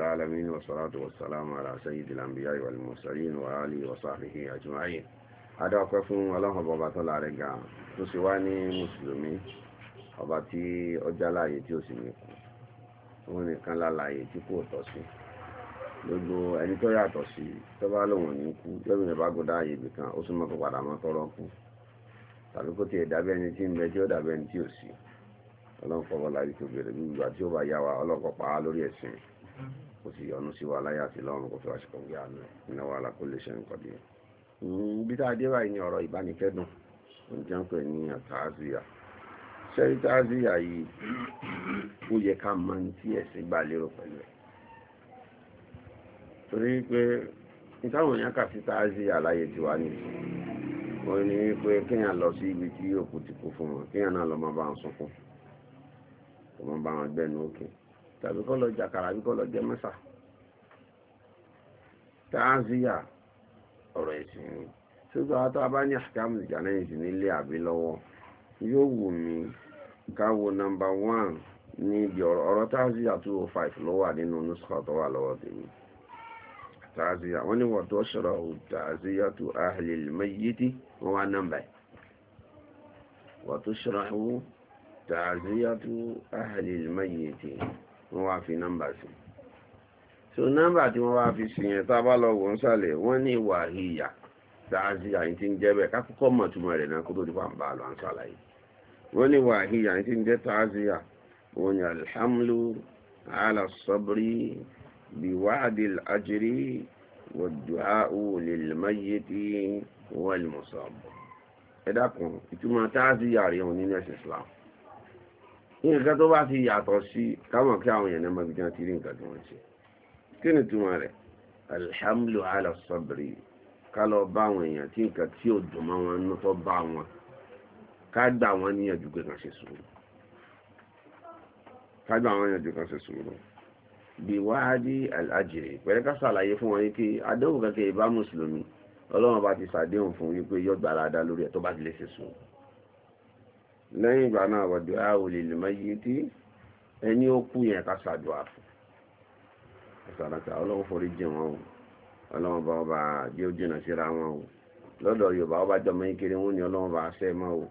العالمين والصلاة والسلام على سيد الأنبياء والمرسلين وآله وصحبه أجمعين adáwọ̀pẹ́ fún ọlọ́run ọba tó láre ga tó sì wá ní mùsùlùmí ọba tí ọjà láàyè tí ó sì ní kú òun nìkan lálàyè tí kò tọ́ sí gbogbo ẹni tó yàtọ̀ sí tó bá lòun ní kú lómìnira bá gòdá àyè ibì ó sì kó padà mọ́ tọ́rọ́ kú tàbí kó tiẹ̀ dàbí ẹni tí ń bẹ tí ó dàbí ẹni tí ò sí ọlọ́run fọwọ́ láyé tó bèrè bí tí ó bá yá wa ọlọ́kọ̀ pa á lórí ẹ̀sìn kò sì yọnu sí wa láyé àti lọ́run kò fi wá ṣùkọ́ gbé àánú ẹ̀ iná wa la kó lè ṣe nǹkan bí. ibi tá a dé báyìí ni ọ̀rọ̀ ìbánikẹ́dùn ǹjẹ́ ń pè ní àtàzíyà ṣẹ́rí tàzíyà yìí ó yẹ ká máa ń tí ẹ̀sìn gbà lérò pẹ̀lú ẹ̀ torí pé ìtàwọn èèyàn kà sí tàzíyà láyé tiwa nìyí wọ́n ní pé kéèyàn lọ sí ibi tí òkú ti kú fún wọn kéèyàn náà lọ máa bá wọn sunkún kò máa bá wọn gbẹ́nu òkè. Okay tàbí kọ́ lọ jàkàrà àbí kọ́ lọ jẹ mẹ́sà tààzíyà ọ̀rọ̀ ẹ̀sìn ni ṣùgbọ́n a bá ní nílé àbí lọ́wọ́ yóò wù mí káwo nọmba wán ní ibi ọ̀rọ̀ tààzíyà 205 ló wà nínú nùsùkọ̀ tó wà lọ́wọ́ tèmi tààzíyà wọ́n ní wọ́n tó ṣọ̀rọ̀ tààzíyà tó mẹ́yìtì wọ́n wọ́n wá fi nọ́mbà sí so nọ́mbà tí wọ́n wá fi sí yẹn tá a bá lọ wọ́n ń sàlẹ̀ wọ́n ní ìwà ìyà dáàzí àyín tí ń jẹ́ bẹ́ẹ̀ kákọ́kọ́ mọ̀ túmọ̀ rẹ̀ náà kó tó di wà ń bá lọ ń sàlàyé wọ́n ní ìwà ìyà àyín tí ń jẹ́ tààzíyà wọ́n ní alhamdu ala sabri biwadi ajiri wàdùáwò lèlmáyétí wọ́n lè mọ̀ sọ́ọ̀bù ẹ dákun ìtumọ̀ tààzíyà rẹ̀ òun nínú nǹkan tó bá ti yàtọ̀ sí kámọ̀ kí àwọn èèyàn máa gbìyànjú ti rí nǹkan tí wọ́n ṣe kí ni túmọ̀ rẹ̀ alhamdu ala sabri ká lọ bá àwọn èèyàn tí nǹkan tí ò dùn mọ́ wọn nú tó bá wọn ká gbà wọ́n níyànjú pé kàn ṣe sùúrù ká gbà wọ́n níyànjú kàn ṣe sùúrù bí wáhádì alájèrè pẹ̀lẹ́ ká ṣàlàyé fún wọn yìí pé adéhùn kẹkẹ ìbá mùsùlùmí ọlọ́run bá ti ṣàdéhùn fún wípé yóò gbà lórí ẹ̀ tó bá ti lè ṣe sùúrù lẹ́yìn ìgbà náà wọ̀dọ̀ àwòlè lè mọ́ yìí tí ẹni ó kú yẹn ká ṣàdùà fún ṣàràkà ọlọ́run forí jìn wọn o ọlọ́run bá ọba bí ó jìnà síra wọn o lọ́dọ̀ yorùbá ọba jọmọ yín kiri wọn ni ọlọ́run bá ṣe mọ́ o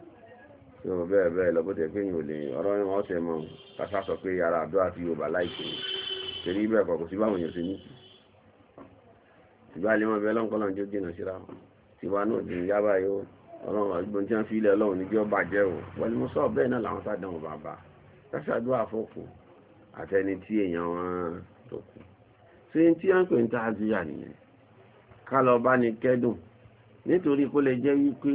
tí o bẹ́ẹ̀ bẹ́ẹ̀ lọ bó tẹ̀ pé yìí ò lè ọ̀rọ̀ yẹn wọ́n ṣe mọ́ o kásá sọ pé ara àdúrà ti yorùbá láìpẹ́ torí bẹ́ẹ̀ kọ̀ kò sí báwọn èèyàn ṣe ní ọlọ́run àgbọn tí wọ́n fi ilẹ̀ ọlọ́run ní kí ọ bàjẹ́ o wọlé mọ́ sọ́ọ̀ bẹ́ẹ̀ náà làwọn sádánwò bàbá káṣàdúrà fọ́kù àtẹni tí èèyàn wọn tó kù ṣé tí wọ́n pè ń ta àzíyà nìyẹn ká lọ bá ní kẹ́dùn nítorí kó lè jẹ́ wípé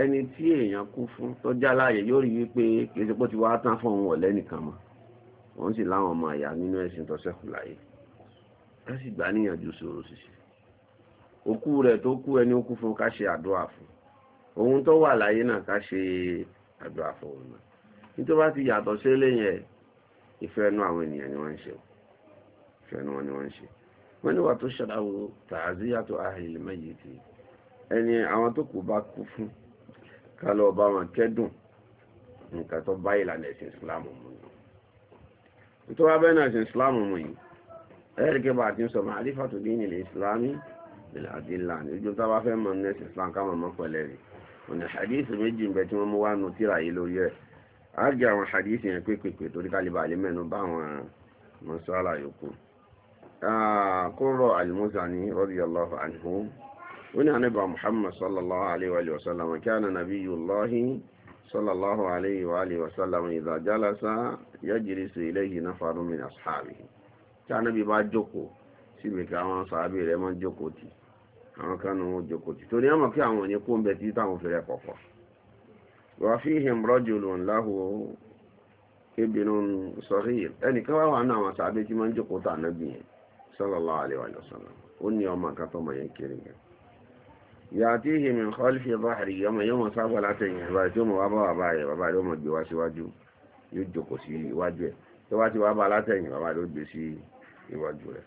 ẹni tí èèyàn kú fún tó já láàyè yóò rí wípé kì í ṣe pé ti wá tán fún òun ọ̀lẹ́ nìkan mọ́ òun sì láwọn ọmọ àyà nínú ẹ̀sìn tó ṣẹ́kù láyé ká sì gbà níyànjú sọ̀rọ̀ ṣiṣẹ́ òkú rẹ̀ tó kú ẹni ó kú fún ká ṣe àdúrà fún ohun tó wà láyé náà ká ṣe àdúrà fún òun náà nítorí bá ti yàtọ̀ sí eléyìí ẹ̀ ìfẹ́ ẹnu àwọn ènìyàn ni wọ́n ń ṣe ìfẹ́ ẹnu wọn ni wọ́n ń ṣe wọ́n ní wà tó ṣàdáwò tààzí yàtọ̀ ahìlì méjì ti ẹni àwọn tó kù bá kú fún ká lọ bá wọn kẹ́dùn nǹkan tó bá ìlànà ẹ̀sìn ìsìláàmù mu ni nítorí abẹ́ náà ẹ̀sìn ìsìláàmù mu yìí ẹ̀ẹ́dẹ̀kẹ́ bá a ti ń sọ máa rí fàtòdí ìsìláàmù ìlà àdìlà ní ojú tá a bá fẹ́ mọ̀ ní ẹ̀sìn ìsìláàmù káwọn mọ̀ pẹ̀lẹ́ rèé ọ̀nà hadith méjì ń bẹ tí wọ́n mú wá nu tíra yìí lórí ẹ̀ á jẹ́ àwọn hadith yẹn pépèpè torí kálíbà lè mẹ́nu bá àwọn mọ́sálà yòókù. kúrò al-Muzani radiyallahu anhu ó ní àníbà Muhammad sallallahu alayhi wa sallam kana nabiyullahi sallallahu alayhi wa sallam idha jalasa yajlisu ilayhi nafarun min ashabihi tí àníbì bá jókòó síbi káwọn sàábì rẹ̀ máa jókòó tì í àwọn kanu wọn jókòó tí torí àmọ́ kí àwọn òní kó ń bẹ tí táwọn fẹ́rẹ̀ kọ̀kọ̀ wà fi him rajulun lahu ibnun saghir ẹnìkan wà wà náà àwọn sàbẹ́ tí máa ń jókòó tà náà bìyẹn sallallahu alaihi wa sallam ó ní ọmọ nǹkan tó mọ̀ yẹn kiri gan yàtí him in khalfi dhahri ọmọ yẹn mọ̀ sábà látẹ̀yìn ẹ̀ báyìí tí ó mọ̀ wá bá wà báyìí bàbá rẹ̀ ó mọ̀ gbé wá síwájú yóò jókòó sí iwájú ẹ̀ tó wá ti wá bá látẹ̀yìn bàbá rẹ̀ ó gbé sí iwájú rẹ̀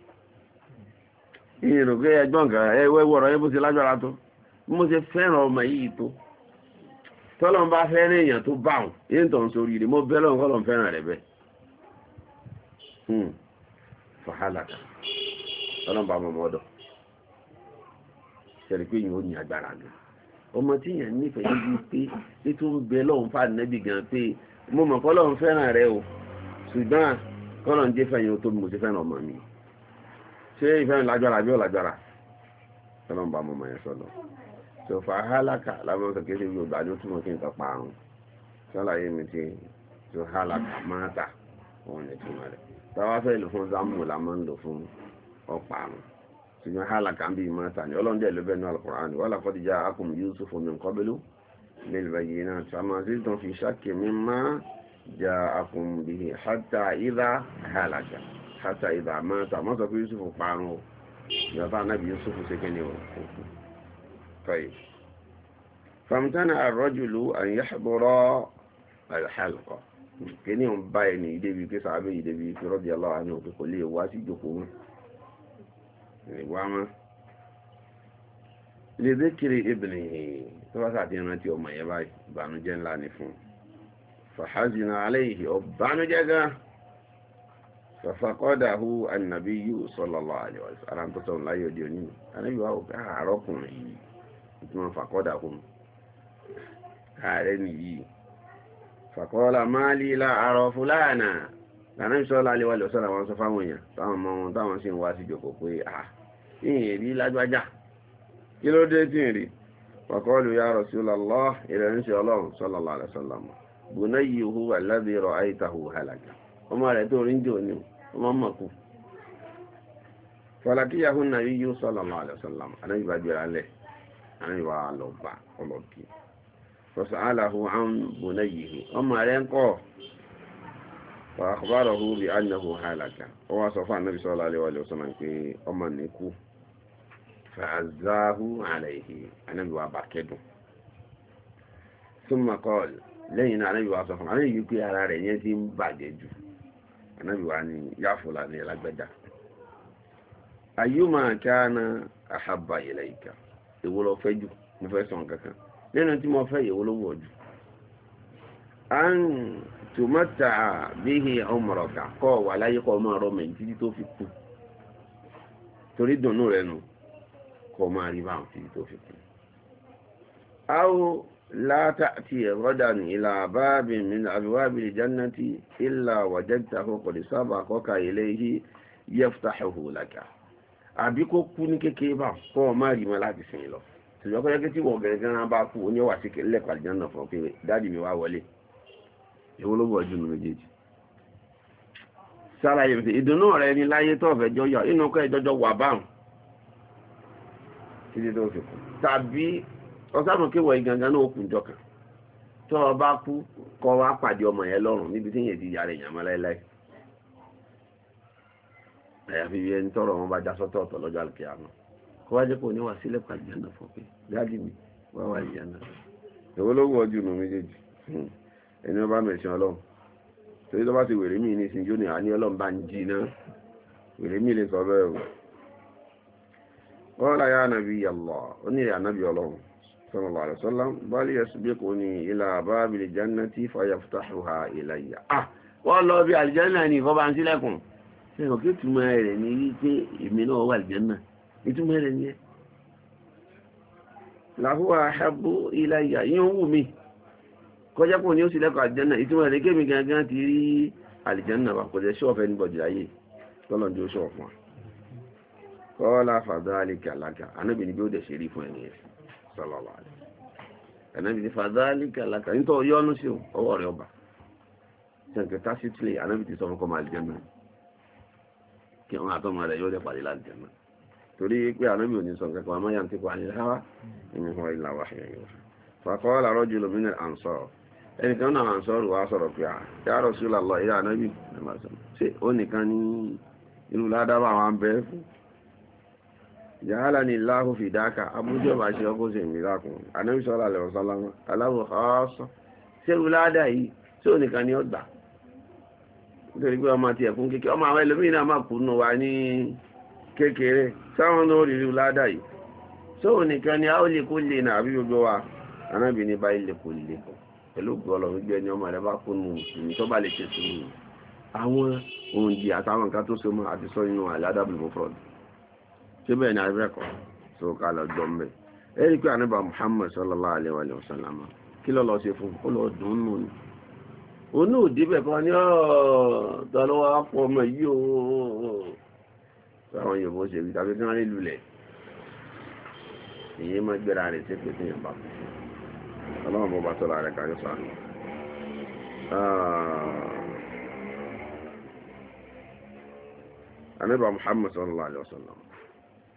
ìrò pé ẹgbọ́n kan ẹwẹ́ wọ̀rọ̀ yẹn bó ṣe lágbára tó mo ṣe fẹ́ràn ọmọ yìí tó tọ́lọ́n bá fẹ́ràn èèyàn tó bá wọn yín tó ń sórí rẹ̀ mo bẹ́ lọ́n kọ́ lọ́n fẹ́ràn rẹ̀ bẹ́ẹ̀ hmm. fàhálàkà tọ́lọ́n bá mọ̀mọ́ ọ̀dọ̀ ṣẹlẹ̀ pé yìí ó ní agbára gan ọmọ tí yẹn nífẹ̀ẹ́ yìí pé nítorí bẹ lọ́n fà nẹ́bì gan pé mo mọ̀ kọ́ lọ́n fẹ́ràn rẹ̀ o ṣùgbọ́n kọ́ lọ́n jẹ́ fẹ́yìn tó mo ṣe fẹ́ràn ọmọ mi ṣé ìfẹ́ lágbára bí ó lágbára ọlọ́run bá mọ̀mọ̀ yẹn sọ́lọ́ tó fà á hálàkà lábẹ́ ọ̀sẹ̀ kéde bí ògbà ló túmọ̀ kí n kan parun sọ́láyé mi ti tó hálàkà máa tà òun lè túmọ̀ rẹ̀ táwa fẹ́ lò fún zámù la máa ń lò fún ọ̀parun ṣùgbọ́n hálàkà ń bí máa tà ní ló bẹ́ẹ̀ ní alukur'an wọ́n làkọ́ ti Yusuf min qablu lil bayyinat fama ziltum hata ìdá mọ́ta wọ́n sọ pé Yusuf parun o ìyàfà anábì Yusuf ṣe kí ni o òkú tọ́yì famtana arrajulu an yahdura alhalqa kí ni òun bá ẹni ìdébi pé sàábẹ̀ ìdébi pé radiyallahu anhu òkè kò lè wá sí ìjókòó mọ́ ìwá mọ́ lè dé kiri ibnihi tó bá sàtì rántí ọmọ yẹn báyìí ìbànújẹ́ ńlá ni fún fàhásìnà alayhi ọ̀bánújẹ́ gan-an fàfàkọ́dàhù ànàbí yóò sọ́lọ́lọ́ àlèwàsí ara tó sọ̀rọ̀ láyé òde òní anábì wà ah, ó káàárọ̀ kùnrin yìí ìtumọ̀ fàkọ́dàhù káàárẹ̀ nìyí fàkọ́lá máa lila la àrọ̀ fúlànà lànàbì sọ́lọ́ àlèwàlè sọ fáwọn èèyàn táwọn ọmọ wọn táwọn sì ń wá sí jòkó pé à ah, ìyìn rí lágbájá kí ló dé tí ń rí fàkọ́lù ya ọmọ tó rí ń jò ní o wọ́n mọ̀ kú fọlákíyàwó nàbí yóò sọ́lọ̀mọ́ àlẹ́sọ́lọ́mọ́ anábì bá gbéra lẹ̀ anábì wà lọ́gbà ọlọ́kì fọ́sọ̀ aláhu àmbùnà yìí ọmọ rẹ̀ ń kọ́ fàkbárọ̀hù bí annahu halaka ó wá sọ fún anábì sọ́lọ́ alẹ́ wàlẹ́ ọ̀sọ́mọ́ pé ọmọ ní kú fàzáhù àlẹ́yìí anábì wà bá kẹ́dùn ànábì wa ni yá fúlàní lágbẹ́dà ayúmọ̀ Ayi àhàbà ilayka èwo ló fẹ́ jù mo fẹ́ sọ nǹkan kan nínú tí mo fẹ́ èwo ló wọ̀ jù bihi tùmọ̀tà bíhi umraka kọ́ wà láyé kọ́ ọmọ ọ̀rọ̀ mẹ́tìrì to fi kú torí dùnú rẹ̀ لا تأتي غدا إلى باب من أبواب الجنة إلا وجدته قد سبقك إليه يفتحه لك àbí kó kú ní kékeré bá kọ́ ọ má rí mọ́ láti sìn lọ ṣùgbọ́n kọ́jọ́ kí wọ́n gẹ̀rẹ́ gẹ́rẹ́ bá kú oní ọ̀wà síkẹ̀ lẹ́kọ̀ọ́ àlìjáná fún pé dáàdì mi wá wọlé èwo ló nù méjèèjì. sára yẹn ìdùnnú rẹ ní láyé tó ọ̀fẹ́ jọ yọ inú kọ́ ẹ̀jọ́jọ́ wà báwọn títí tó fi kú tàbí ọ̀sán kéwọ̀ igangan náà kùn jọkàn tó o bá kú kọ́ wa pàdé ọmọ yẹn lọ́rùn níbi tí yẹn ti yà rẹ̀ yàn mọ́ láéláé àyàfi iye ń tọrọ wọn bá já sọ́tọ̀ ọ̀tọ̀ lọ́jọ́ àlùkè àná kó wá jẹ́ kó níwà sílẹ̀ pàdé yàn náà fọ́ pé dáàdì mi wá wà yàn náà èwo ló wù ọ́ hmm. nù méjèèjì ẹni wọn bá mẹ̀sìn ọlọ́run torí tó bá ti wèrè mí ní sin jóni àní ọlọ́run bá ń jí náà wèrè mí lè sọ bẹ́ẹ̀ o wọ́n láyà ànábì yàlọ́ ó ní ìrìn ànábì صلى الله wasallam bal بل يسبقني إلى باب الجنة فيفتحها ah آه، والله bí àlìjánà ní ìfọ́bá ń sílẹ̀kùn ṣe ìwọ̀n kí túmọ̀ rẹ̀ ní wípé èmi náà wà àlìjánà ìtumọ̀ rẹ̀ ní ẹ́ làhúwà ahabbu ilayya yíò wù mí kọjá pọ̀ ní ó sílẹ̀kùn àlìjánà ìtumọ̀ rẹ̀ gangan ti rí àlìjánà wà kọjá ṣọ́ọ̀fẹ́ ní bọ̀dì láyé tọ́lọ́dún ṣọ́ọ̀fún wa kọ́lá kàlákà anábìnrin bí ó dẹ̀ ṣe rí fún ẹni yẹn sọlọ́lọ́ àti ẹ̀nàbì ní fàdálì kàlákà nítorí yọ́nú sí ọwọ́ rẹ̀ ọba ṣẹ̀ǹkẹ̀ tásítìlẹ̀ ẹ̀nàbì ti sọ fún kọ́mọ àlìjẹ́mẹ́ kí wọn àtọ́mọ rẹ̀ yóò dẹ̀ pàdé láàlìjẹ́mẹ́ torí pé ẹ̀nàbì ò ní sọ nǹkan kan àmọ́ yàn kíkọ àníláwá ẹ̀mí fún ilà wà ṣẹ̀yìn fàkọ́ọ́lá rọ́jù lómìnà ànsọ́ ẹnìkan náà ànsọ́ rù wá sọ̀rọ̀ pé yà rọ̀ sí làlọ́ ìyá ẹ̀nàbì ṣe ó nìkan ní irú ládàbà àwọn abẹ́ fún jàhálà ní láhù fìdákà amújọba ṣe ọkọ̀ sí ìmìlá kùn anábì sọ́lá lẹ́wọ̀ sọ́lá wọn aláwọ̀ ọ̀ọ́sọ́ ṣéwù ládà yìí tí ò nìkan ni ó gbà nítorí pé ọmọ àti ẹ̀kún kékeré ọmọ àwọn ẹlòmíín náà máa kùnú wa ní kékeré sáwọn náà rí rí ládà yìí tí ò nìkan ni a ó lè kó lè nà àbí gbogbo wa anábì ní báyìí lè kó lè pẹ̀lú gbọ́lọ̀ gbígbẹ́ ni ọmọ rẹ bá kùnú ìmì tó bá lè ṣe sùn àwọn òǹdí àtàwọn nǹkan tó so mọ́ àti sọ inú àládàbùlùmọ́fọ́dù síbẹ̀ ní abẹ́kọ̀ tó ká lọ jọ mbẹ̀ ẹ rí i pé àníbà Muhammad sallallahu alayhi wa sallam kí ló lọ ṣe fún ó lọ dùn nù ni onú òdìbẹ̀ kan ní ọ̀ọ́dọ́lọ́wọ́ pọ̀ ọmọ yìí o táwọn yòówó ṣe rí tàbí tí àníbà ah. Muhammad sallallahu alayhi wa sallam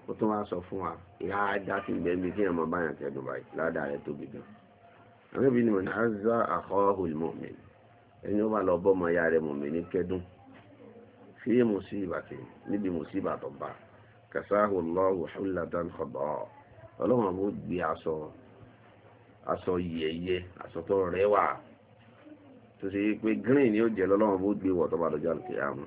ó tún wá sọ fún wa láàdá ti gbẹ ibi tí ẹ̀ mọ̀ báyàn tẹ́dùn báyìí láàdá rẹ̀ tóbi gan. àwọn ibi ni mo ní azá àkọ́hù mọ̀mìn ẹni ó bá lọ bọ́ ọmọ ìyá rẹ̀ mọ̀mìn ní kẹ́dùn fi sí ìbàtì níbi mo sí ìbàtọ̀ bá kàṣáhù lọ́wọ́ ṣúlàdán kọ̀dọ̀ ọlọ́wọ́n bó gbé aṣọ aṣọ yẹyẹ aṣọ tó rẹwà tó ṣe pé green ni ó jẹ lọ́wọ́n bó gbé wọ̀ tó bá lọ́jọ́ àlùkè àmọ́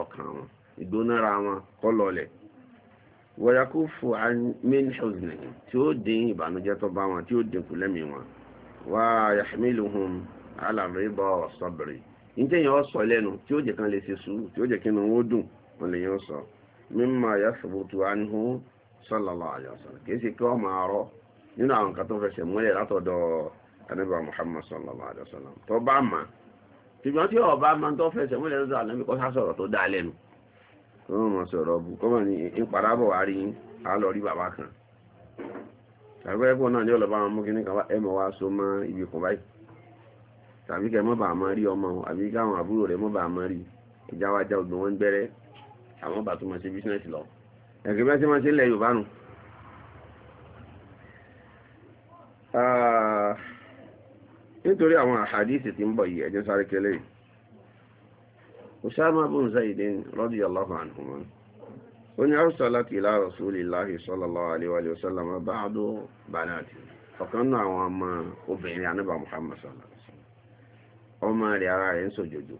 ọkàn wọn ìgbónára wọn kọ́ lọlẹ̀ wọ́yàkú fún min tí ó dín ìbànújẹ́ tó bá wọn tí ó dínkù lẹ́mìí wọn wá yahmiluhum ala riba wa yẹn ó sọ lẹnu tí ó jẹ́ kan lè ṣe tí ó jẹ́ kínú ó dùn wọn lè sọ kì í ṣe kí máa nínú àwọn kan tó anábà Muhammad tó bá ṣùgbọ́n tí ọba máa ń tọ́ fẹsẹ̀ múlẹ̀ lọ́dọ̀ ànábì kọ́ sásọ̀rọ̀ tó dáa lẹ́nu wọ́n mọ̀ sọ̀rọ̀ bù kọ́mọ̀ ní ìparábọ̀ wá rí a lọ rí bàbá kan tàbí ẹ̀kọ́ náà ní ọlọ́ba àwọn mọ́kí ní kàwá ẹ̀mọ̀ wá so mọ́ ibi kan báyìí tàbí kẹ́ mọ́ bà á mọ́ rí ọmọ àbí káwọn àbúrò rẹ̀ mọ́ bà á mọ́ rí ìjà wájà ògbìn wọn gbẹ́rẹ́ àwọn bàtú mọ́ sí bísínẹ́sì lọ ẹ̀kẹ́ bẹ́ẹ̀ tí wọ́n ti ń lẹ Yorùbá nù nítorí àwọn àhàdíìsì tí ń bọ̀ yìí sáré Usama bin Zaidin radiyallahu anhuma ó ní arsalat ila rasulillahi sallallahu alaihi wa sallam ba'du banati ọ̀kan náà àwọn ọmọ obìnrin anábà Muhammad sallallahu alaihi wa sallam ọmọ rẹ̀ ara rẹ̀ ń sòjòjò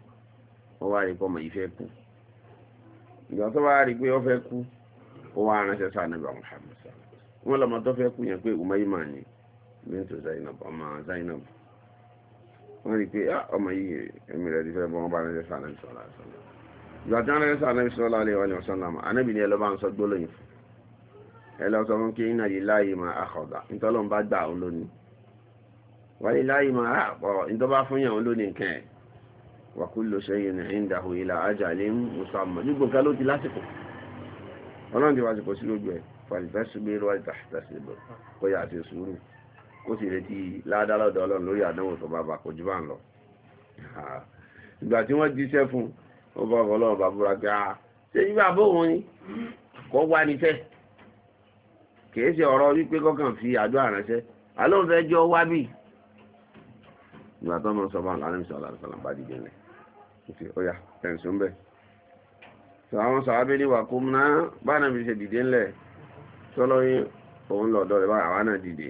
wọ́n rí pé ah, ọmọ yìí ẹ̀mí rẹ̀ ti fẹ́ bọ́ wọn bá rẹ̀ sọ ànábì sọ́lá sọ́lá ìgbà tí wọ́n rẹ̀ sọ ànábì sọ́lá lè wọ́n ní ọ̀sán náà ànábì ni ẹlọ́ba ń sọ gbólóyìn fún ẹlọ́sọ fún kí iná yìí láàyè máa àkọ́dà nítọ́lọ́n bá gbà òun lónìí wáyé láàyè máa àpọ̀ nítọ́bá fún yàn òun lónìí kẹ́ ẹ̀ wa kullu shay'in 'indahu ila ajalin musamma nígbò ká ló ti kó sì retí ládàlọ́dọ̀ ọlọ́run lórí àdánwò tó bá bá kò jù bá ń lọ ìgbà tí wọ́n jíṣẹ́ fún ó bá ọlọ́run bá búra pé ah ṣé yí bá bó wọn ni kó wá ní fẹ́ kìí ṣe ọ̀rọ̀ wípé kọ́kàn fi àjọ àránṣẹ́ alóhùn fẹ́ jọ wá bì ìgbà tó mọ̀ sọ́bà lánàá sọ̀rọ̀ àlùfàlà bá dìde lẹ̀ òkè ó yá tẹ̀sùn bẹ́ẹ̀ tó àwọn sàábé ní wàkúmù náà bá nàbí ṣe dìde ńlẹ̀ tọ́lọ́yìn òun lọ́dọ̀ rẹ̀ bá àwa náà dìde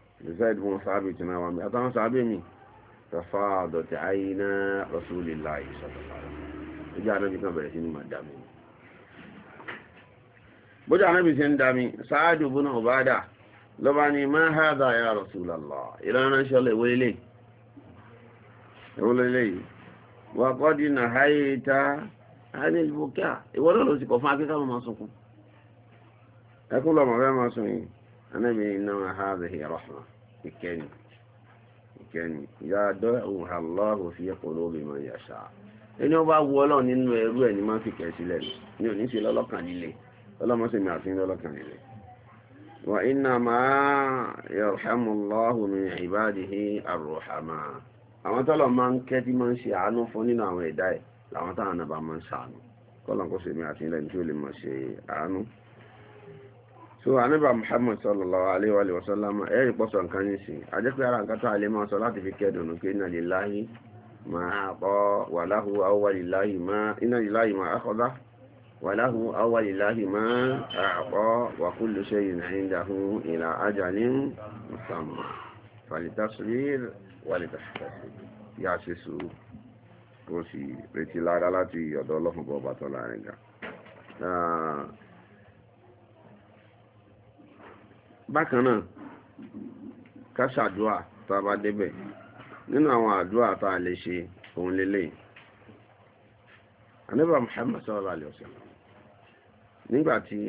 zaid bin sahabi tí náà wà mí àtàwọn mi tafadọ̀tì àyínà rasulillahi sallallahu alaihi wasallam ìjọ anábì kan bẹ̀rẹ̀ sí ní máa dàmí bójú anábì sí ń dàmí sáájú ha ya rasulallah ìlànà ṣọlẹ̀ wọlé ìwọlélé yìí wà kọ́ di nà háyé ta anil bukia أنني إنما هذه رحمة إكني إكني يدعوها الله في قلوب من يشاء ẹni ọba wọ ọlọ́run nínú ẹrú ẹ̀ ni máa ń fi kẹ̀ sílẹ̀ ní n'i sí lọ́lọ́kàn líle ọlọ́mọ sí mi àti lọ́lọ́kàn líle ma iná máa yarhamullahu min ibadihi arruhama àwọn tọ́lọ̀ máa ń kẹ́ tí máa ń ṣe àánú fún nínú so anábà muhammad sallallahu alayhi wa sallam ẹ̀rì pọ́sọ̀ nǹkan yìí sí ajẹ́pẹ́ ara nǹkan tó alẹ́ máa sọ láti fi kẹ́dùn pé iná lillahi ma àpọ̀ wàláhù awwalillahi ma iná lillahi ma akhadha wàláhù awwalillahi ma àpọ̀ wa kullu shay'in indahu ila ajalin musamma falitasbir walitasbir yá ṣe sùúrù kó sì retí lára láti ọ̀dọ̀ ọlọ́fun bọ̀ bàtọ̀ láàrin ga bákan náà ká ṣàdúà tá a bá débẹ̀ nínú àwọn àdúà tá a lè ṣe òun lélẹ̀ anábà Muhammad sallallahu alaihi wasallam nígbà tí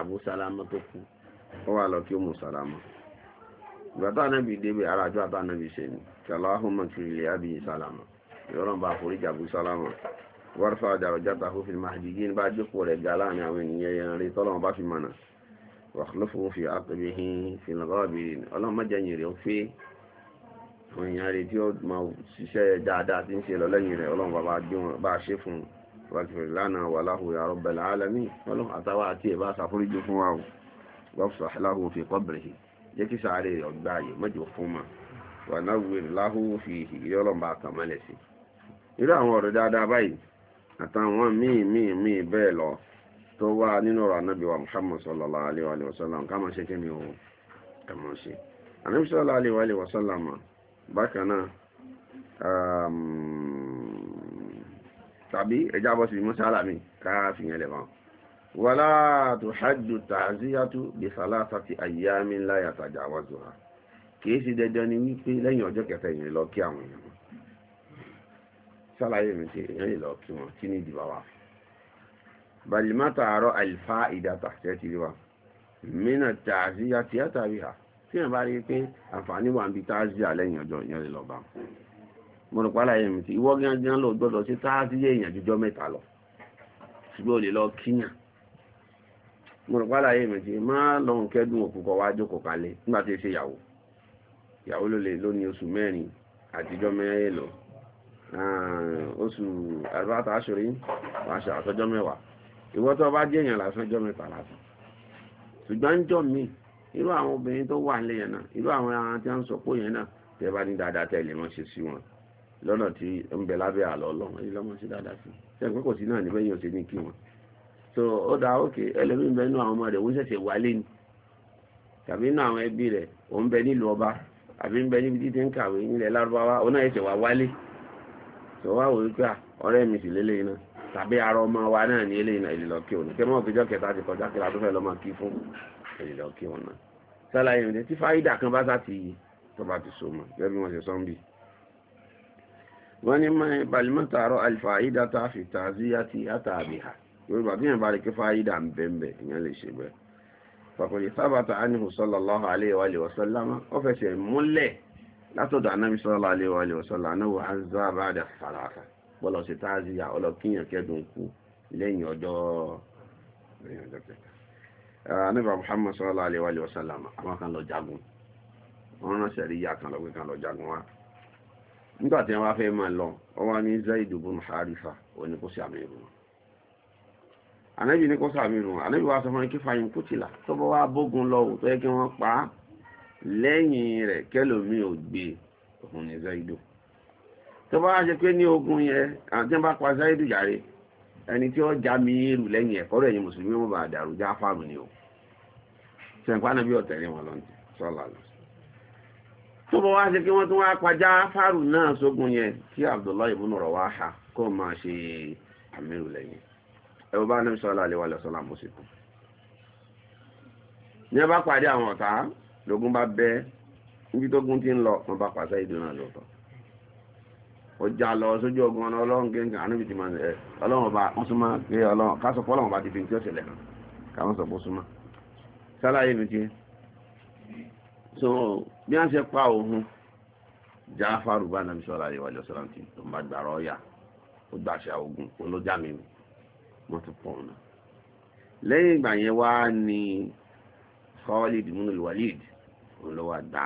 Abu Salama tó kú ó wà lọ kí ó mú Salama ìgbà tá anábì débẹ̀ ara àdúà tá anábì ṣe ni kàláhùn mọ̀kìrìlẹ̀ àbí Salama ìrọ̀rùn bá foríjà Abu Salama wọ́n fà dàrọ̀ játa fún fìlmáàdì yìí bá jókòó rẹ̀ gà láàrin àwọn ènìyàn yẹn rí tọ́lọ́wọ́n bá fi mọ̀nà wàhálùfù fi àtọ̀bìhìn fìlàgọ́bìnrin ọlọ́mọdéyìn rẹ̀ ó fẹ́ àwọn èèyàn rẹ̀ tí ó máa ṣiṣẹ́ dáadáa tí ń ṣe lọ lẹ́yìn rẹ̀ ọlọ́run bàbá gbé wọn bá ṣe fún wàkìfẹ̀ lánàá wà láhùn ya rabbal alamin ọlọ́run àtàwọn àti ẹ̀ bá ṣàforíjì fún wa wọ́pọ̀ láhùn fi qabrihi jẹ́ kí sàárè rẹ̀ ọgbà ààyè mọ́jọ fún ma wà náwó láhùn fi ìrẹ́ ọlọ́run bá mọ́lẹ̀ sí irú àwọn ọ̀rọ̀ dáadáa báyìí àtàwọn míì míì míì bẹ́ẹ̀ lọ tó wá nínú ọ̀rọ̀ anábì wa muhammad sallallahu alaihi wa sallam ká máa ṣe kí mi ò ká máa ṣe anábì sallallahu alaihi wa sallam bákan náà um, tàbí ẹjá bọ́ sí mọ́sálà mi ká fìyàn lẹ̀ wọn wà látò hajjú tààzíyàtú bí sàlátà ti àyàmí láyà tàjà àwọ́zù ha kìí sí dandan ni wípé lẹ́yìn ọjọ́ kẹta èèyàn àwọn èèyàn sálàyé mi ti èèyàn wọn kí ní ìdìbà wà fún بل ما تعرى الفائدة تحتيتي لوا من التعزية يأتى بها tí ẹ bá rí pé àǹfààní wà ń bi táàzíà lẹ́yìn ọjọ́ ìyẹn lè lọ́ba mo rò pálá yẹn tí ìwọ gángan lọ gbọ́dọ̀ sí táàzíà èèyàn jíjọ mẹ́ta lọ ṣùgbọ́n ò lè lọ kíyàn mo rò pálá yẹn tí má lọ́hùn kẹ́dùn òkú kọ wá jókòó kalẹ̀ nígbà tí ẹ ṣe ìyàwó ìyàwó ló lè lónìí oṣù mẹ́rin àtijọ́ mẹ́rin lọ oṣù àbáta aṣọrin àṣà àtọjọ́ mẹ́wàá ìwọ́ tó bá jẹ́ èèyàn lásán jọ́ mẹ́ta lásán ṣùgbọ́n ń jọ mí irú àwọn obìnrin tó wà nílé yẹn náà irú àwọn ara tí wọ́n sọ pé yẹn náà tẹ́ bá ní dáadáa tẹ́ lè mọ́ ṣe sí wọn lọ́nà tí ń bẹ lábẹ́ àlọ́ ọlọ́run èyí lọ́mọ sí dáadáa sí ṣe pé kò sí náà níbẹ̀ yóò ṣe ní kí wọn. so ó dáa ókè ẹlẹ́mìí bẹ nú àwọn ọmọ rẹ̀ wọ́n ṣẹ̀ṣẹ̀ wálé ni tàbí nú àwọn ẹbí rẹ̀ ò ń bẹ nílùú ọba àbí ń bẹ níbi títí ń kàwé nílẹ̀ lárúbáwá ó náà ẹ̀ṣẹ̀ wá wálé. sọ wá wò ó pé ọ̀rẹ́ mi sì lélẹ́yìn náà tàbí ara ọmọ wa náà ní eléyìí náà èlìlọ kí òun kí mọ́ òfìjọ́ kẹta ti kọjá kí la tó fẹ́ lọ́mọ kí fún èlìlọ kí òun náà sálàyé òun tí fáyidà kan bá sá ti tó bá ti so mọ́ gẹ́gẹ́ bí wọ́n ṣe sọ ń bì. wọ́n ní mọ́ balimọ́ tààrọ̀ alifáyidà tá a fi tààzíyá ti àtàbí ha yorùbá bí yẹn bá rí kí fáyidà ń bẹ́ẹ̀ bẹ́ẹ̀ ìyẹn lè ṣe bẹ́ẹ̀ fàkùnrin sábàtà ánìhù sallallahu pọ́lọ̀ sí táàzíyà ọlọ́kíyàn kẹ́dùn kù lẹ́yìn ọjọ́ kẹta anábà Muhammad sallallahu alaihi wa sallam àwọn kan lọ jagun wọn rán sẹ̀rí yà kan lọ́gbẹ́ kan lọ jagun wa nígbà tí wọ́n fẹ́ máa lọ wọ́n wá ní Zaid ibn Harifa òní kó sí àmì ìrùn anábì ní kó sí àmì ìrùn anábì wa sọ fún kí fàyín kùtìlà tó bọ́ wá bógun lọ òótọ́ yẹ kí wọ́n pa á lẹ́yìn rẹ̀ kẹ́lòmí ò gbé òun ní Zaidu tó bá ṣe pé ní ogun yẹn àwọn bá pa sáyédù jàre ẹni tí ó já mi èrù lẹ́yìn ẹ̀kọ́ rẹ̀ mùsùlùmí wọn bá dàrú já fáàmù ni o ṣẹ̀ǹpá náà bí ọ̀tẹ̀lé wọn lọ́ntì sọ́lá lọ tó bọ́ wá ṣe kí wọ́n tún wá pàjá fàárù náà sógun yẹn tí Abdullahi ibn Rawaha kó máa ṣe àmìrù lẹ́yìn ẹwọ bá nẹ́bí sọ́lá àlewà lọ́sọ́lá mọ́síkù ní ẹ bá pàdé àwọn ọ̀tá lógún bá bẹ́ níbi tógún ti ń lọ wọn bá pàṣẹ ìdùnnà lọ́tọ̀ ọjà lọ sójú ọgbọ́n ọ̀nà ọlọ́run gẹ́gẹ́ àníbi ti máa ẹ ọlọ́run ọba wọ́n súnmọ́ pé ọlọ́run ká sọ pé ọlọ́run ọba ti fi ní tí ó ṣẹlẹ̀ hàn káwọn sọ pé ó súnmọ́ sálàyé mi ti so bí wọ́n ṣe pa òun jáfàrù bá nàbí sọ́ra rẹ̀ wájú sọ́ra ti tó máa gbàrọ̀ ọ̀yà ó gbàṣẹ ogun olójà mi wọ́n ti pọ̀ ọ̀nà lẹ́yìn ìgbà yẹn wá ní Khalid múnul Walid òun ló wà gbà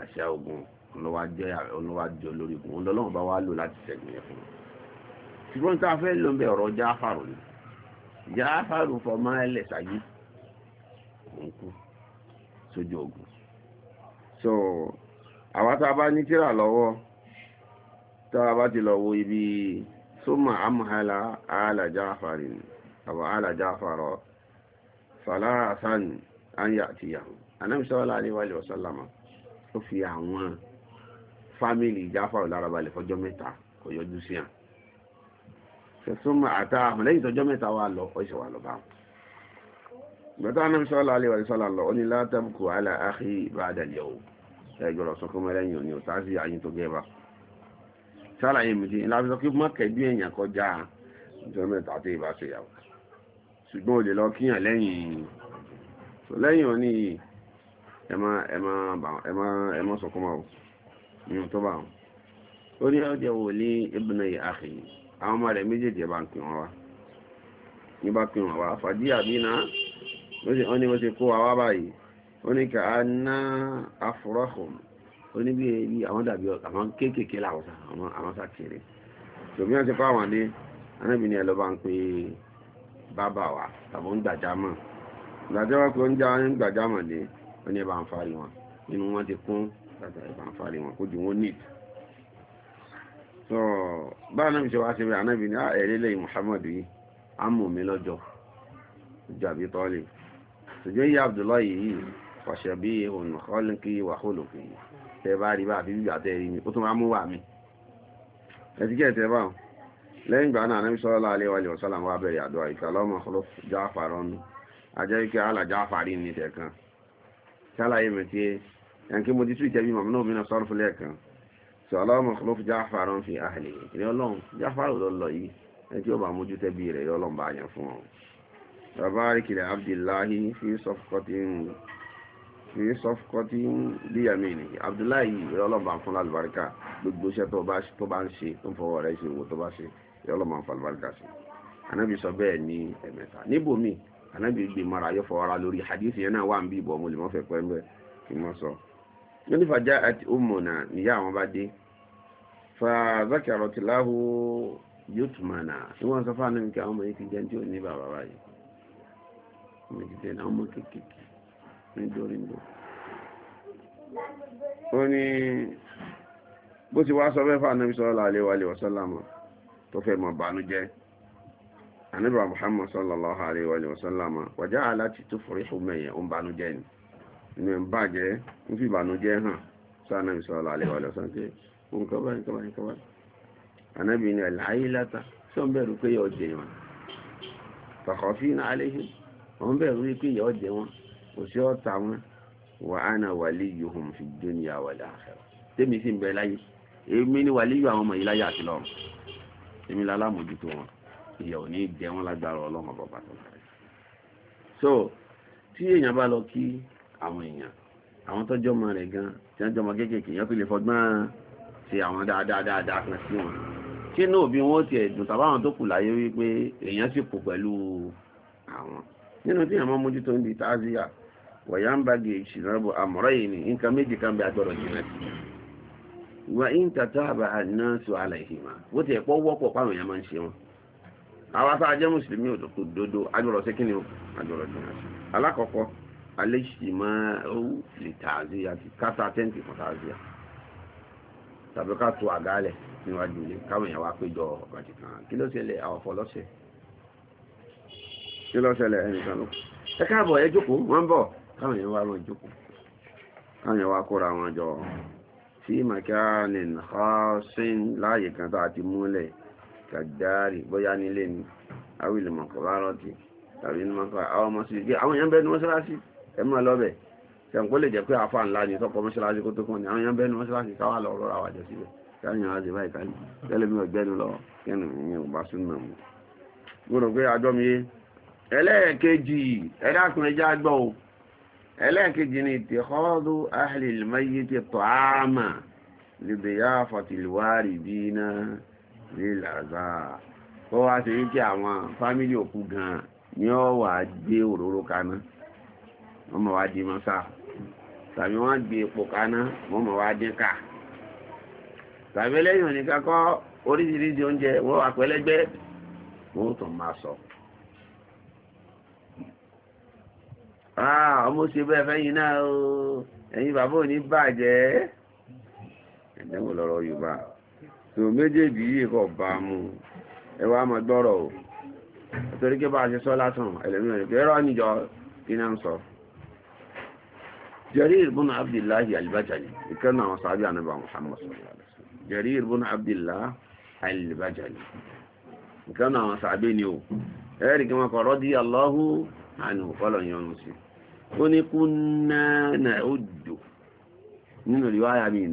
àṣẹ ogun olówó ajẹ́ olówó ajẹ́ olórí ikùn ọlọ́run bá wá lò láti ṣẹ́gun yẹn fún un ṣùgbọ́n tá a fẹ́ ló ń bẹ ọ̀rọ̀ jáfàrò ni jáfàrò fọmọ ẹlẹ́sàgí òun kú sójú ogun so àwa tá a bá ní tíra lọ́wọ́ tá a bá ti lọ wo ibi súnmọ́ amúhálà àlàjáfàrò àbọ̀ àlàjáfàrò fàlàsán àyà àtìyàwó anábìsọ́lá aléwálé ọ̀sálàmà ó fi àwọn fámìlì jáfàrò lárabalẹ̀ fọjọ́ mẹ́ta kò yọjú sí àn ṣẹ̀súnmọ̀ àtà àmọ̀lẹ́yìn tọjọ́ mẹ́ta wà lọ ọ̀ṣẹ̀ wà lọ bá wọn bẹ́tà anábì sọ́lá alẹ́ wà sọ́lá lọ oní látàbùkù alẹ́ àkí ìbádàlẹ̀ o ẹgbẹ̀rọ̀ sọ́kọ́ mẹ́lẹ́yìn òní ọ̀tá sí àyín tó gẹ́bà sálàyé mìtí láti sọ pé mọ́kẹ̀ bí èèyàn kọjá ìjọ mẹ́ta nínú mm, tó bá wọn ó ní ọjọ́ wò ní ibùnà àkè àwọn ọmọ rẹ̀ méjèèjì bá ń pè wọn wá ní bá pè wọn wá fàdí àbínà ó ní mo ti kó wa wá báyìí ó ní ká ná afurọ́hùn ó ní bí ebi àwọn dàbí àwọn kéékèèké làwọn àwọn sàkèrè tòmí ọ̀sẹ̀ fáwọn adé anábì ní ẹ lọ bá ń pè bàbá wa tàbí ń gbàjámọ̀ gbàjámọ̀ pé ó ń gbàjámọ̀ dé ó ní ẹ bá ń fari wọn nínú wọn ti kún ṣàǹfààní wọn kó ju wọn ní ìtì so báyìí náà ṣe wá ṣe rẹ̀ anábì ní ah, ẹ̀rẹ́lẹ̀ Muhammad yìí amú mi lọ́jọ́ jàbí tọ́lẹ̀ ṣùgbọ́n yí Abdullahi yìí pàṣẹ bí òun kọ́lùkì wà kọ́lùkì tẹ bá rí bá fi bí àtẹ rí mi ó tún máa mú wà mí ẹtí kẹ́ tẹ bá lẹ́yìn ìgbà náà yàn kí mo ti tún ìtẹ́bí màmú náà mi náà sọ́rọ̀ fún lẹ́ẹ̀kan sọ aláwọ̀ kò ló fi jáfàrà ń fi àhìlì ìní ọlọ́run jáfàrà ò lọ yìí ẹni tí ó bá mójú tẹ́bí rẹ̀ yọ ọlọ́run bá yàn fún ọ. bàbá àríkìlẹ̀ abdullahi fi sọ́fùkọ́tì bíyàmí ni abdullahi yọ ọlọ́run bá fún lálùbáríkà gbogbo iṣẹ́ tó bá ń ṣe tó ń fọwọ́ rẹ̀ ṣe owó tó bá ṣe yọ ọlọ́run wọ́n ní fàjá àti ọmọnà ìyá àwọn bá dé fa zákàrọ̀ tí láhù yóò túnmà náà tí wọ́n sọ fún àwọn ìkà ọmọ yìí ti jẹ́ tí ó ní bàbá báyìí ọmọ yìí ti jẹ́ náà ọmọ kéékèèké nítorí ńlò ó ní bó ti wá sọ fẹ́ fún àwọn ìṣọ́lá àlewà àlewà sọ́lámọ̀ tó fẹ́ mọ̀ bànújẹ́ àníbà Muhammad sallallahu alaihi wa sallam wàjá aláti tó forí fún mẹ́yẹ̀ ó ń bànújẹ́ ni ní bàjẹ́ ń fi ìbànújẹ́ hàn sáà náà sọ̀rọ̀ alẹ́ wà lọ́sàn pé ó ń kọ́bá ń kọ́bá ń kọ́bá ànábì ní àlàyé látà tí wọ́n bẹ̀rù pé yọ jẹ wọn tọkọ fi ní aléṣe wọ́n bẹ̀rù pé yọ jẹ wọn kò sí ọ̀tá wọn wà á na wàlí yìí so tí èèyàn àwọn èèyàn àwọn tọ́jọ́ ma rẹ̀ gan tí wọ́n jọmọ kéékèèké yẹn fi lè fọgbọ́n ṣe àwọn dáadáa kan sí wọn kí inú òbí wọn ó tiẹ̀ tàbáwọn tó kù láyé wípé èèyàn sì kù pẹ̀lú àwọn nínú tí èèyàn mọ́ mójútó ń di táàzíyà wọ̀yá ń bá gé ìṣìnàbọ̀ na yìí ni nǹkan méjì sọ àlà wọ́pọ̀ páwọn èèyàn máa ń ṣe wọn a alẹ́ṣìmọ́ ó lè tààzíyà ti kátà tẹ́ǹtì fún tààzíyà tàbí ká tó àgálẹ̀ níwájú ilé káwọn èèyàn wá péjọ ọ̀bàjì kan kí ló ṣẹlẹ̀ àwọn ọ̀fọ̀ lọ́sẹ̀ kí ló ṣẹlẹ̀ ẹnìkan ló ẹ káàbọ̀ ẹ jókòó wọ́n ń bọ̀ káwọn èèyàn wá wọn jókòó káwọn èèyàn wá kóra wọn jọ sí makanin khasin láàyè kan tá a ti múlẹ̀ kàdáàrí bóyá nílé ni awìlì bá rọ̀ tì tàbí ní àwọn ọmọ sí àwọn èèyàn bẹ́ẹ̀ ni wọ́n ṣe ẹ máa lọ́bẹ̀ ṣẹ̀ǹkó lè jẹ́ pé àfa ńlá ni sọ́kọ mọ́ṣáláṣí kó tó kàn ní àwọn yẹn bẹ́ẹ̀ ni mọ́ṣáláṣí káwá lọ rọra wàjọ síbẹ̀ káyọ̀ á sì báyìí káyọ̀ tẹ́lẹ̀ mi ò gbẹ́nu lọ kẹ́nu ìyẹn ò bá sún náà mu. mo rò pé àjọ mi yé ẹlẹ́ẹ̀kejì ẹ̀dákun ẹja gbọ́ o ẹlẹ́ẹ̀kejì wá sí wípé àwọn fámìlì òkú gan-an ni ó wà gbé òróró kaná wọ́n mọ̀ wá di mọ́sá tàbí wọ́n gbé epo kaná wọ́n mọ̀ wá dín ká tàbí lẹ́yìn òní kakọ́ oríṣiríṣi oúnjẹ wọ́n wà pẹ́lẹ́gbẹ́ wọ́n tún máa sọ. Ah, ọmọ ṣe bẹ́ẹ̀ fẹ́yìn náà o ẹ̀yin bàbá òní bàjẹ́ ẹ̀dẹ́wò lọ́rọ̀ yorùbá tó méjèèjì yìí kọ̀ bá mu ẹ wá máa gbọ́rọ̀ o torí kí bá a ṣe sọ lásán ẹlẹ́mìíràn ẹ̀rọ níjọ kí náà ń sọ. jarir bin abdullahi al nke na àwọn sàábì ànábà muhammad sallallahu alaihi wasallam jarir bin abdullahi al-bajali ìkànnà àwọn sàábì ni ó ẹ̀rì kí wọ́n kọ̀ rọ́dí aláhù àni òfọ́lọ̀ yọnu sí na ní kú náà ó dò nínú rí wáyà mi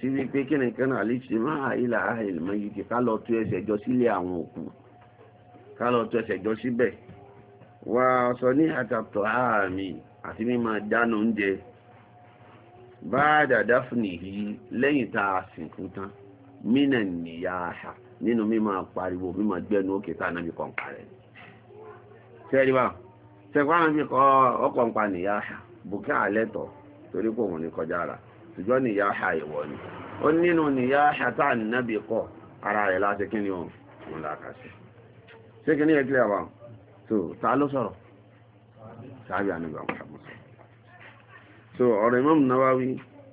sí wípé kí nìkan náà lè ṣe máa ilà àìlèmọ yìí kí ká lọ tú ẹsẹ̀ jọ sílé àwọn òkú ká lọ tú ẹsẹ̀ jọ síbẹ̀ wà sọ ní àtàtọ̀ àmì àti mímọ dáná oúnjẹ bá dàdá fún nìyí lẹ́yìn tá a sìnkú tán mínà àṣà nínú mímọ pariwo mímọ gbẹnu òkè tá a àwọn ṣùgbọ́n nìyáhà ìwọ ni ó nínú nìyáhà tá ànábì kọ ara rẹ̀ láti kí ni òun láka sí ṣé kí ni ẹ kílẹ̀ wa so ta ló sọ̀rọ̀ sábì ànábì àwọn ọmọ so ọ̀rọ̀ Imam Nawawi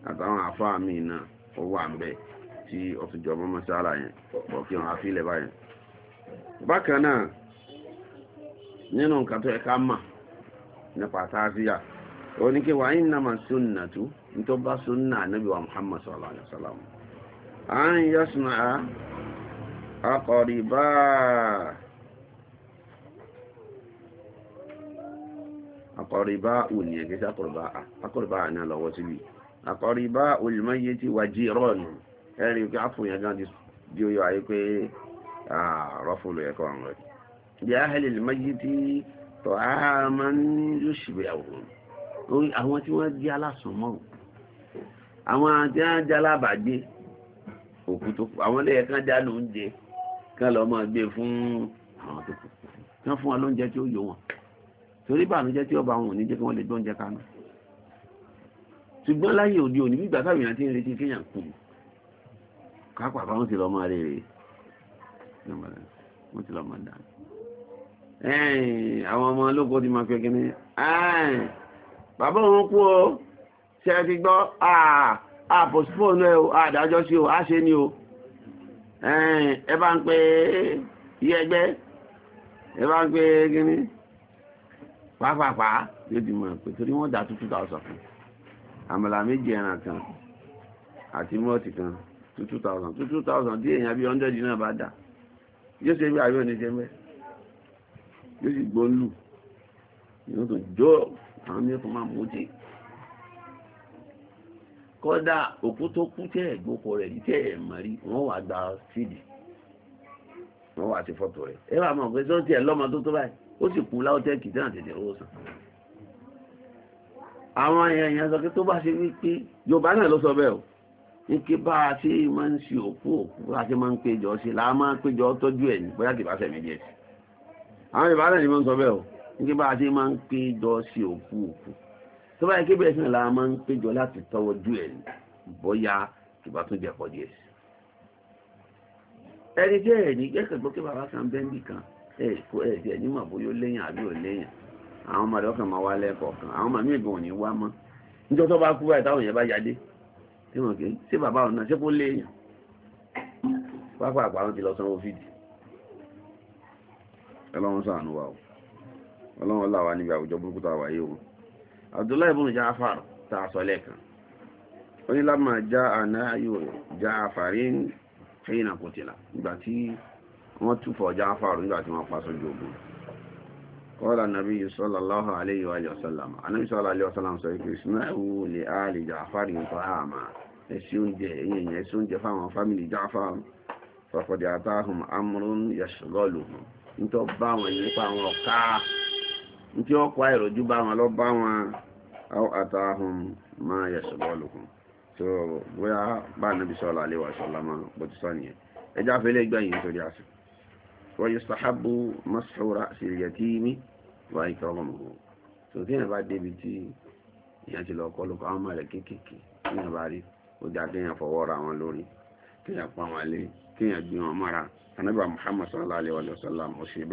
àtàwọn àfáà mi náà ó wà ń bẹ tí ó fi jọmọ́ mọ́sálà yẹn pọ̀ kí wọn àfi báyẹn bákan náà nínú nǹkan tó ẹ̀ka mà nípa táàfíà ó ní kí wàá ń nàmà sunnatu nítorí bá sunna ànábì wa muhammad sallallahu alayhi wa sallam an yasna'a aqriba aqriba òní ẹ̀gẹ́ sí aqriba aqriba àní àlọ́wọ́ síbi aqriba al-mayyiti wa jiranu ẹ̀rí pé àfòyàn gan di oyè ayé pé rọ́fùlù ẹ̀kọ́ rẹ̀ bí ahli al-mayyiti tọ́ àmà ń yóò àwọn tí wọ́n di alásùnmọ́ àwọn tí wọ́n já lábàájé òkú tó kù àwọn lẹ́yìn kan já lóúnjẹ kán lọ máa gbé fún àwọn tó kù kán fún wọn lóúnjẹ tí ó yó wọn torí bàánújẹ́ tí ọba wọn ò ní jẹ́ kí wọ́n lè gbóúnjẹ kaná ṣùgbọ́n láyé òde òní bí gbàgbà èèyàn ti ń retí kéèyàn kù kápá báwọn ti lọ máa rèé wọ́n ti lọ máa dà àwọn ọmọ ológun ti máa fi ọkẹ́ ní bàbá òun kú o ṣe ẹ ti gbọ́ àpòsífóònù ah, ah, ẹ o àdájọ́ ah, sí o àṣẹ ni o ẹ bá ń pè iye ẹgbẹ́ ẹ bá ń pè gíní pápápá yóò di mọ̀ pé torí wọ́n dá two two thousand kan àmàlà méjì ẹran kan àti mọ́ọ̀tì kan two two thousand two two thousand tí èèyàn bíi hundred náà bá dà yóò ṣe bí àbí òní ṣe mẹ́ yóò sì gbóńlù yóò tó jó àwọn mẹ́fọ́ máa mú jẹ́ kódà òkú tó kú tẹ́ ẹ̀gbókò rẹ̀ ní tẹ́ ẹ̀ mọ̀ rí wọ́n wà gba fídì wọ́n wà sí fọ́tò rẹ̀ ẹ wà mọ̀ pé tó ń tiẹ̀ lọ́mọ tó tó báyìí ó sì kú láwọ́tẹ́ẹ̀kì tí wọ́n tètè owó san àwọn èèyàn sọ pé tó bá ṣe wípé Yorùbá náà ló sọ bẹ́ẹ̀ o ní kí bá a ṣe máa ń ṣe òkú òkú bá a ṣe máa ń péjọ ṣe là á máa ń péjọ tọ́jú ẹ̀ ní bóyá kì bá ṣẹ̀mí tó báyìí kébìrì ẹ̀sìn làá máa ń péjọ láti tọwọ́ ju ẹ̀ bóyá ìbá tún jẹ́ pọ̀ díẹ̀ sí. ẹni jẹ́ ẹ̀ ní jẹ́kẹ̀gbọ́ kí bàbá kan bẹ́ńbì kan ẹ̀ kó ẹ̀ jẹ́ ní màbó yóò léyìn àbí ò léyìn àwọn ọmọdé ọkàn máa wá lẹ́kọ̀ọ̀kan àwọn màmí ìgbọ̀n ò ní wá mọ́ níjọ́ tó bá kú báyìí táwọn yẹn bá yadé tí ṣé bàbá òun ṣé kó léyìn pápá àpárọ̀ ti lọ sanwó abdullahi ibn jaafar ta sọ lẹ́ẹ̀kan ó ní lámà já àná ayò jaafarin fẹ́yìn àkótìlá nígbà tí wọ́n túfọ̀ jaafar nígbà tí wọ́n pa sójú ogun kọ́lá nàbí sallallahu alayhi wa sallam anábì sallallahu alayhi wa sallam sọ pé isma'u li ali jaafarin ta'ama ẹ̀sí oúnjẹ ẹ̀yìn ẹ̀yìn ẹ̀sí oúnjẹ fáwọn fámìlì jaafar fọ̀fọ̀dẹ̀ àtàhùn amrun yashghaluhum nítorí bá wọn nípa àwọn ka. nítí ọkọ̀ àìrọ̀jú bá wọn lọ bá wọn àtàhùn máa yẹ̀sọ̀ bọ́ọ̀lùkùn tó bóyá bá nàbí sọ́ọ̀lá àléwà sọ́ọ̀lá máa bó ti sọ nìyẹn ẹjá fẹ́lẹ́ gbẹ̀yìn nítorí àsìkò wọ́n yóò sàhábù mọ́sàúrà sí ìyẹ̀ tí mi wà ní kọ́lọ́ mọ́ tó tí yẹn bá débi tí ìyẹn ti lọ kọ́ lóko àwọn máa rẹ̀ kéékèèké tí yẹn bá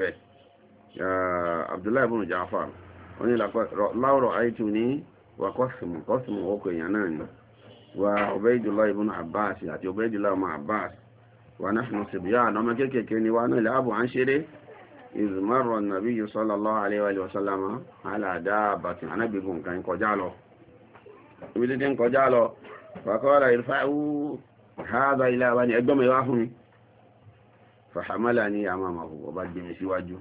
rí Uh, abdullahi ibn jafar onye ní láwọ̀rọ̀ ni wa wà kọ́sìmù kọ́sìmù ọkọ̀ na. Wa ibn abbas àti ubaydullah ibn abbas Wa nahnu sibyan ọmọ kéékèèké ni wà náà láàbù à ń iz marra an sallallahu alaihi wa sallam ala dabbatin anábìgùn kan kọjá fa qala irfa'u hadha ila bani fa hamalani amamahu mi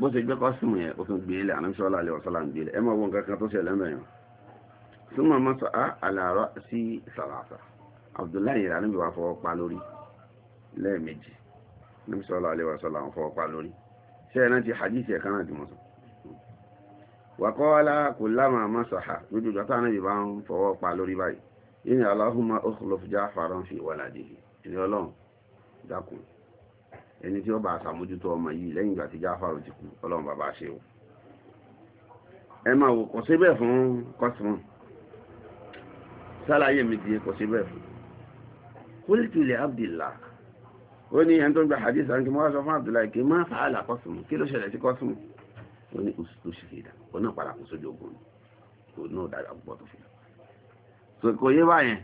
bó ṣe gbé kọ́sùmù yẹn òfin gbé ilẹ̀ ànámísọ́lá alẹ́ ọ̀sọ́lá ń gbé ilẹ̀ ẹ máa wọn kankan tó ṣẹlẹ̀ mẹ́rin súnmọ́ máa sọ àlàárọ̀ sí sàràsà abdullahi yẹn ànábì wa fọwọ́ pa lórí lẹ́ẹ̀mejì ànámísọ́lá alẹ́ ọ̀sọ́lá ń fọwọ́ pa lórí ṣé ẹ náà ti hadith ẹ̀ kan náà ti mọ̀ sọ. wàkọ́ọ́lá kò lámà máa sọ̀hà lójú ìjọ táwọn ẹni tí ó bá sàmójútó ọmọ yìí lẹ́yìn ìgbà tí jáfàrò ti kú ọlọ́run bàbá ṣe o ẹ máa wò kò síbẹ̀ fún kọ́sìmọ̀ sálàyé mi di kò síbẹ̀ fún kúlìtì ilẹ̀ abdullah ó ní ẹni tó ń gba hadith àti mọ́ sọ fún abdullah kì í máa fà á là kọ́sìmọ̀ kí ló ṣẹlẹ̀ sí kọ́sìmọ̀ ó ní oṣù tó ṣe fìdá ó náà padà kó sójú ogun kò náà dára púpọ̀ tó fìdá so kò yé báyẹn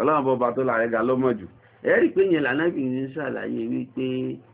ọlọ́run bọba tó láàrẹ́ ga ló mọ̀ jù ẹ̀rí pé yẹn lànà ìbìnrin ṣàlàyé wípé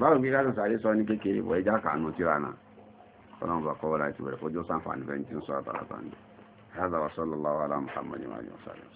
báwo bí látọ̀ sáré sọ ní kékeré bọ̀ ẹjá kàánú tíra náà ọlọ́run bá kọ́wọ́ láti bẹ̀rẹ̀ kójó sáǹfà ní fẹ́ntì ń sọ àtàlátà ní هذا وصلى الله على محمد وعلى اله